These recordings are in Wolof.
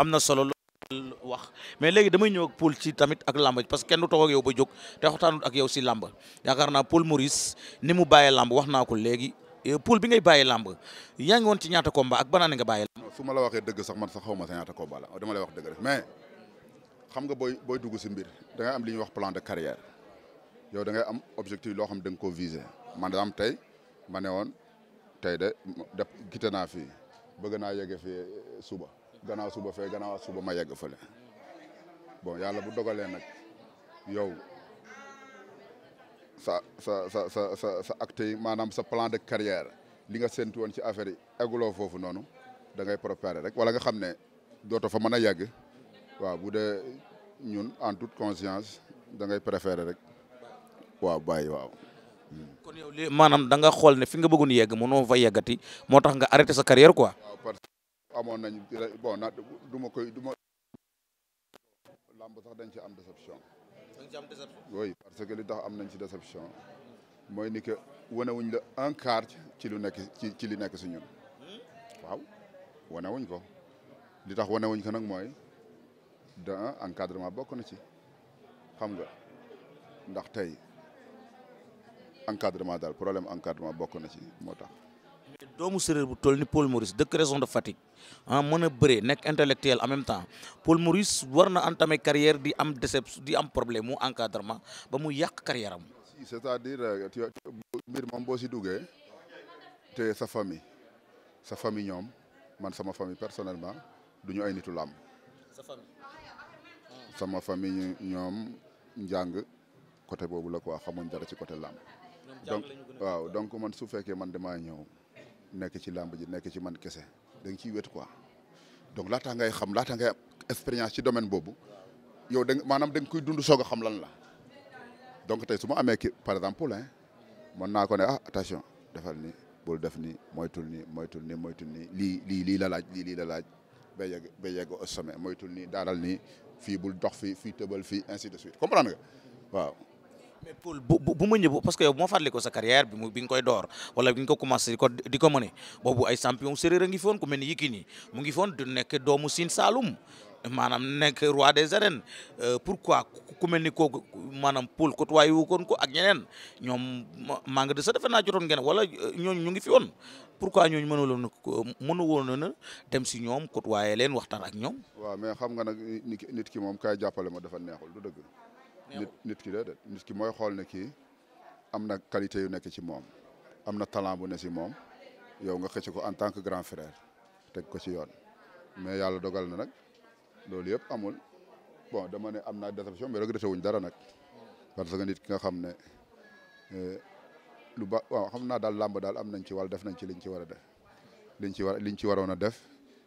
am na solo loolu wax mais léegi damay ñëw ak ci tamit ak làmb parce que kenn du toog ak yow ba jóg te waxtaanut ak yow si làmb yaakaar naa Paul Maurice ni mu bàyyee làmb wax naa ko léegi eh, Paul bi ngay bàyyee lamb yaa ngi woon ci ñaata combat ak banaan nga bàyyee làmb ma la waxee dëgg sax man sa ñaata combat la dama lay wax dëgg rek mais xam nga booy booy dugg si mbir da ngay am li ñuy wax plan de carrière yow da ngay am objectif loo xam da nga ko viser man daam tey ma ne woon tey de def gite naa fii bëgg naa yegge fii suba gana suba fe gana suba ma yegg fele bon yalla bu dogale nak yow sa sa sa sa sa sa acte Ma'nam sa plan de carrière li nga sentu won ci affaire yi egguloo foofu noonu da ngay préparer rek wala nga xam ne fa meuna yegg wa bu de ñun en toute conscience da ngay préférer rek wa bay wa kon yow li maanaam da nga xol ne fi nga bëggoon yegg mëno fa yeggati motax nga arrêter sa carrière quoi. amoon nañ bon na du ma koy du ma làmb sax dañ ci am déception dañ ci parce que li tax am nañ ci déception mooy ni que wanewuñ la un quart ci lu nekk ci ci li nekk si ñun hmm? waaw wuñ ko li tax wanewuñ ko nag mooy d'un encadrement bokk na ci xam nga ndax tey encadrement daal problème encadrement bokk na ci moo tax doomu séréer bu tolni Paul Maurice deuk raison de fatigue en ah, meuna beure nek intellectuel en même temps Paul Maurice warna entamé carrière di am déception di am problème mu encadrement ba mu yak carrière am. c'est-à-dire euh, mbir mom bo ci dougué té sa famille sa famille ñom man sama famille personnellement duñu ay nitu lam sa famille. sama famille ñom njang côté bobu la quoi xamone dara ci côté làmb. donc waaw donc man su féké man dama ñew nek ci lamb ji nek ci man kese dang ci ciy wet quoi donc laata ngay xam laata ngay expérience ci domaine bobu yow da maanaam da koy dund soga xam lan la donc tay suma amé ki par exemple hein mon na ko né ah attention defal ni bul def ni moytul ni moytul ni moytul ni li li li la laaj li lii la laaj ba yegg ba yegg au sommet moytul ni daaral ni fi bul dox fi fi tëbal fi ainsi de suite comprendre nga waaw mais Paul bu bu ma ñëw parce que yow bu ma fàttali ko sa bi mu bi koy door wala bi nga ko commencé di ko di ko ay champion séeréer a ngi foon ku mel ni Yékini mu ngi foon du nekk doomu Sine Saloum maanaam nekk roi des arènes euh, pourquoi ku mel ni kooku maanaam Paul côtoyé wu koon ko ak ñeneen ñoom maa nga de sa defe naa jotoon ngeen wala euh, ñooñu ñu ngi fi woon pourquoi ñooñu mënuloon mënu woon na dem si ñoom côtoyé leen waxtaan ak ñoom. waaw mais xam nga nag nit ki moom kaay ma dafa neexul du dëgg. nit nit ki déedéet nit ki mooy xool ne ki am na qualité yu nekk ci moom am na talent bu ne si moom yow nga xëcc ko en tant que grand frère teg ko ci yoon mais yàlla dogal na nag loolu yëpp amul bon dama ne am naa déception mais regretté wuñ dara nag parce que nit ki nga xam ne eh, lu ba waaw xam naa daal làmb daal am nañ ci wàll def nañ ci liñ ci war a def liñ ci war liñ ci waroon a def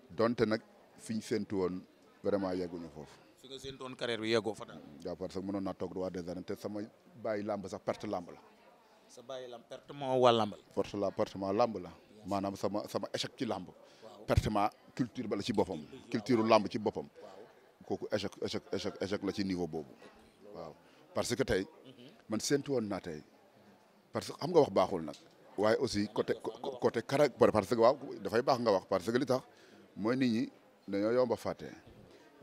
donte nag fiñ séntu woon vraiment yegguñu foofu fi nga bi yeggoo fa daal. waaw parce que mënoon naa toog a des arènes te sama bàyyi làmb sax perte làmb la. sa bàyyi làmb perte moo la. perte la ma làmb la maanaam sama sama échec ci làmb. perte ma culture bala ci boppam. culture lamb ci boppam. kooku échec échec la ci niveau boobu. waaw parce que tey. Mhm. man séntu woon naa tey. parce que xam nga wax baaxul nag. waaye aussi côté côté caractère parce que waaw dafay baax nga wax parce que li tax mooy nit ñi dañoo yomba fàtte.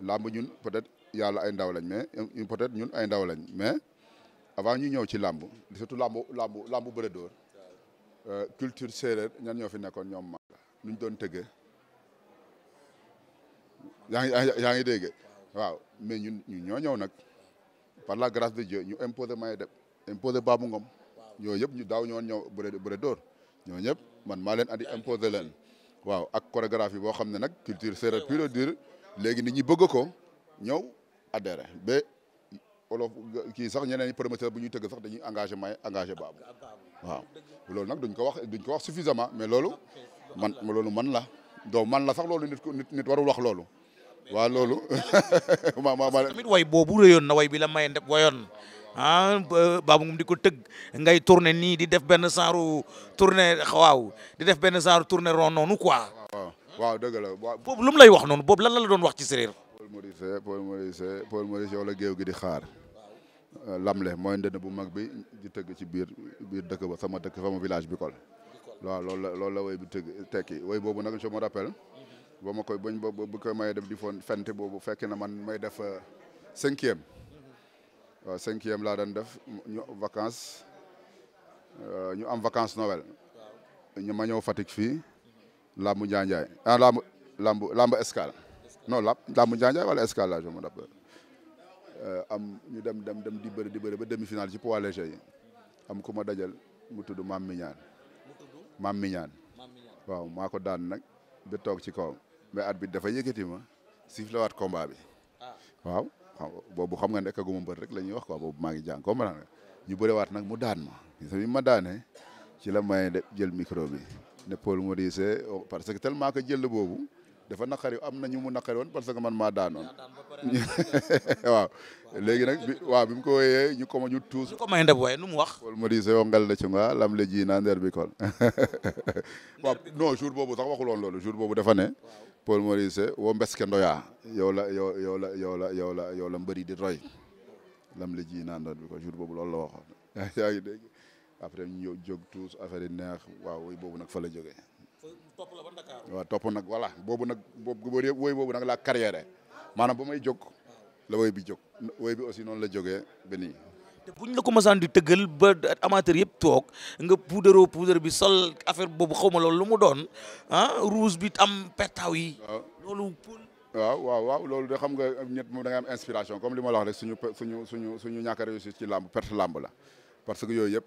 làmb ñun peut-être yàlla ay ndaw lañ mais ñun peut-être ñun ay ndaw lañ mais avant ñu ñëw ci làmb surtout làmb làmb làmb bëre dóor euh, culture séeréer ñan ñoo fi nekkoon ñoom ma nuñ doon tëggee yaa ngi yaa ngi dégg waaw mais ñun ñun ñoo ñëw nag par la grâce de Dieu ñu imposé may dem imposé Babou Ngom ñooñu yëpp ñu daaw ñoon ñëw bëre bëre dóor ñooñu yëpp man maa leen andi imposé leen waaw ak chorégraphie boo xam ne nag culture séeréer puis le dire léegi nit ñi bëgg ko ñëw adhéré ba olof kii sax ñeneen promoteur bu ñuy tëgg sax dañuy engagé may engagé baabu waaw loolu nag duñ ko wax duñ ko wax suffisamment mais loolu man loolu man la doo man la sax loolu nit nit nit warul wax loolu waa loolu ma ma ma tamit way boobu rëyoon na way bi la may ndeb wayoon ah baabu ngum di ko tëgg ngay tourné nii di def benn genre tourné waaw di def benn genre tourné rond noonu waaw dëgg la boobu lu lay wax noonu boobu lan la la doon wax ci séeréer. Paul Maurice Paul Maurice Paul Maurice yow la géew gi di xaar euh, Lamle mooy ndënd bu mag bi di tëgg ci biir biir dëkk ba sama dëkk sama village bi Bikol waaw loolu la woy bi tëgg tekki woy boobu nag je me rappelle mhm. ba ma koy ba bu ko may def di foon fente boobu fekk na man may def euh, cinquième mhm. waaw cinquième laa doon def ñu vacances euh, ñu am vacances Noël ñu ma ñëw Fatick fii. Lambu Njaanjaay ah Lambu Lambu Lambu Escale non Lambu Njaanjaay wala Escale laa euh, am ñu dem dem dem di bëri di bëri ba demi finale ci poids léger am ku ma dajal mu tudd Mam Mignane. Mam Mignane waaw maa daan nag ba toog ci kawam mais at bi dafa yëkkati ma sifflewaat combat bi ah. waaw boobu xam nga nekk gu ma rek la ñuy wax quoi boobu maa ngi jàng comprendre nga ñu bëriwaat nag mu daan ma. gis ma daane ci la may jël micro bi. ne Paul Maurice oh, parce que tellement que jël boobu dafa naqari am na ñu mu naqari woon parce que man maa daanoon waaw léegi nag bi waaw bi mu ko wooyee ñu koma ñu tuus. ñu ko may ndab waaye nu mu wax. Paul Maurice yow oh, ngal la lam la ji naa ndeer bi kon waaw non jour boobu tax waxuloon loolu jour boobu dafa ne. Paul Maurice wo mbeske ndoya yow la yow yow la yow la yow la yow la mbëri di roy lam la ji naa ndeer bi jour boobu loolu la waxoon après ñu ñëw jóg tous affaire yi neex waaw boobu nag fa la jógee. topp la ba Dakar. waaw topp nag voilà boobu nag boobu yëpp woy boobu nag laa carrière maanaam ba may jóg la woy bi jóg woy bi aussi noonu la jógee ba nii. te buñ la ko mosaan di tëggal ba amateur yëpp toog nga puudaroo puudar bi sol affaire boobu xaw ma loolu lu mu doon ah rouge bi am pettaaw yi. loolu. waaw waaw waaw loolu de xam nga ñett moom da nga inspiration comme li ma la wax suñu suñu suñu suñu ñàkk a réussir ci làmb perte làmb la parce que yooyu yëpp.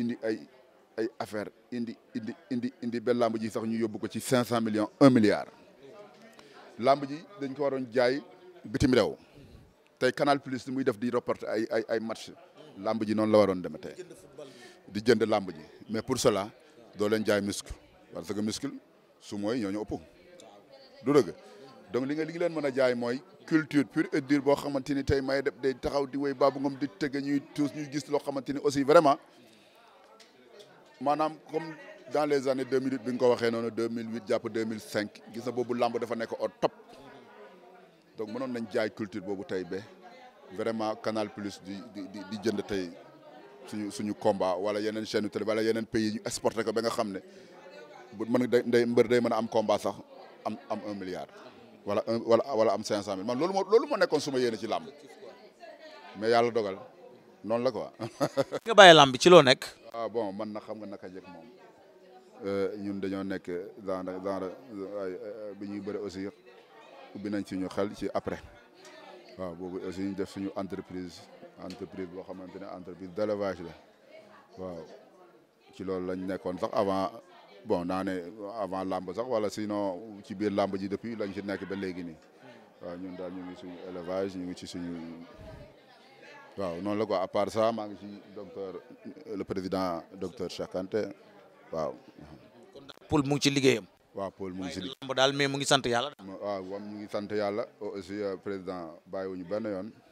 indi ay ay affaire indi indi indi indi sax ñu ko ci millions 1 milliard dañ ko jaay bitim Canal Plus muy match di mais pour cela jaay muscle parce que muscle su ñoo ñu du donc li nga li leen culture pure et dure bo xamanteni tay may def taxaw di tous gis aussi vraiment maanaam comme dans les années 2008 bi nga ko waxee noonu 2008 jàpp 2005 gis na boobu làmb dafa nekk au top donc mënoon nañ jaay culture boobu tey ba vraiment Canal Plus di di di jënd tey suñu suñu combat wala yeneen chaîne télé wala yeneen pays ñu exporté ko ba nga xam ne bu mën day mbër day mën a am combat sax am am un milliard wala un wala wala am cinq cent mille man loolu moo loolu moo nekkoon suma yéene ci làmb mais yàlla dogal non la quoi. nga bàyyi làmb ci loo nekk. Ah, bon man na xam nga naka jëkk moom euh, ñun dañoo nekk dans dans bi ñuy bëri aussi ubbi nañ ci ñu xel ci après boobu aussi ñu def suñu entreprise entreprise boo xamante ne entreprise d'élevage la waaw ci loolu lañ nekkoon sax avant bon naa ne avant làmb sax wala sinon ci biir làmb ji depuis lañ ci nekk ba léegi nii waaw ñun daal ñu ngi suñu élevage ñu ngi ci suñu waaw noonu la quoi à part maa ngi ci docteur le président docteur Cheikh Kanté waaw. kon Paul mu ci liggéeyam. waaw Paul mu ngi ci liggéeyam daal mais mu ngi sant yàlla. waaw mu ngi sant yàlla aussi euh, président ñu benn yoon.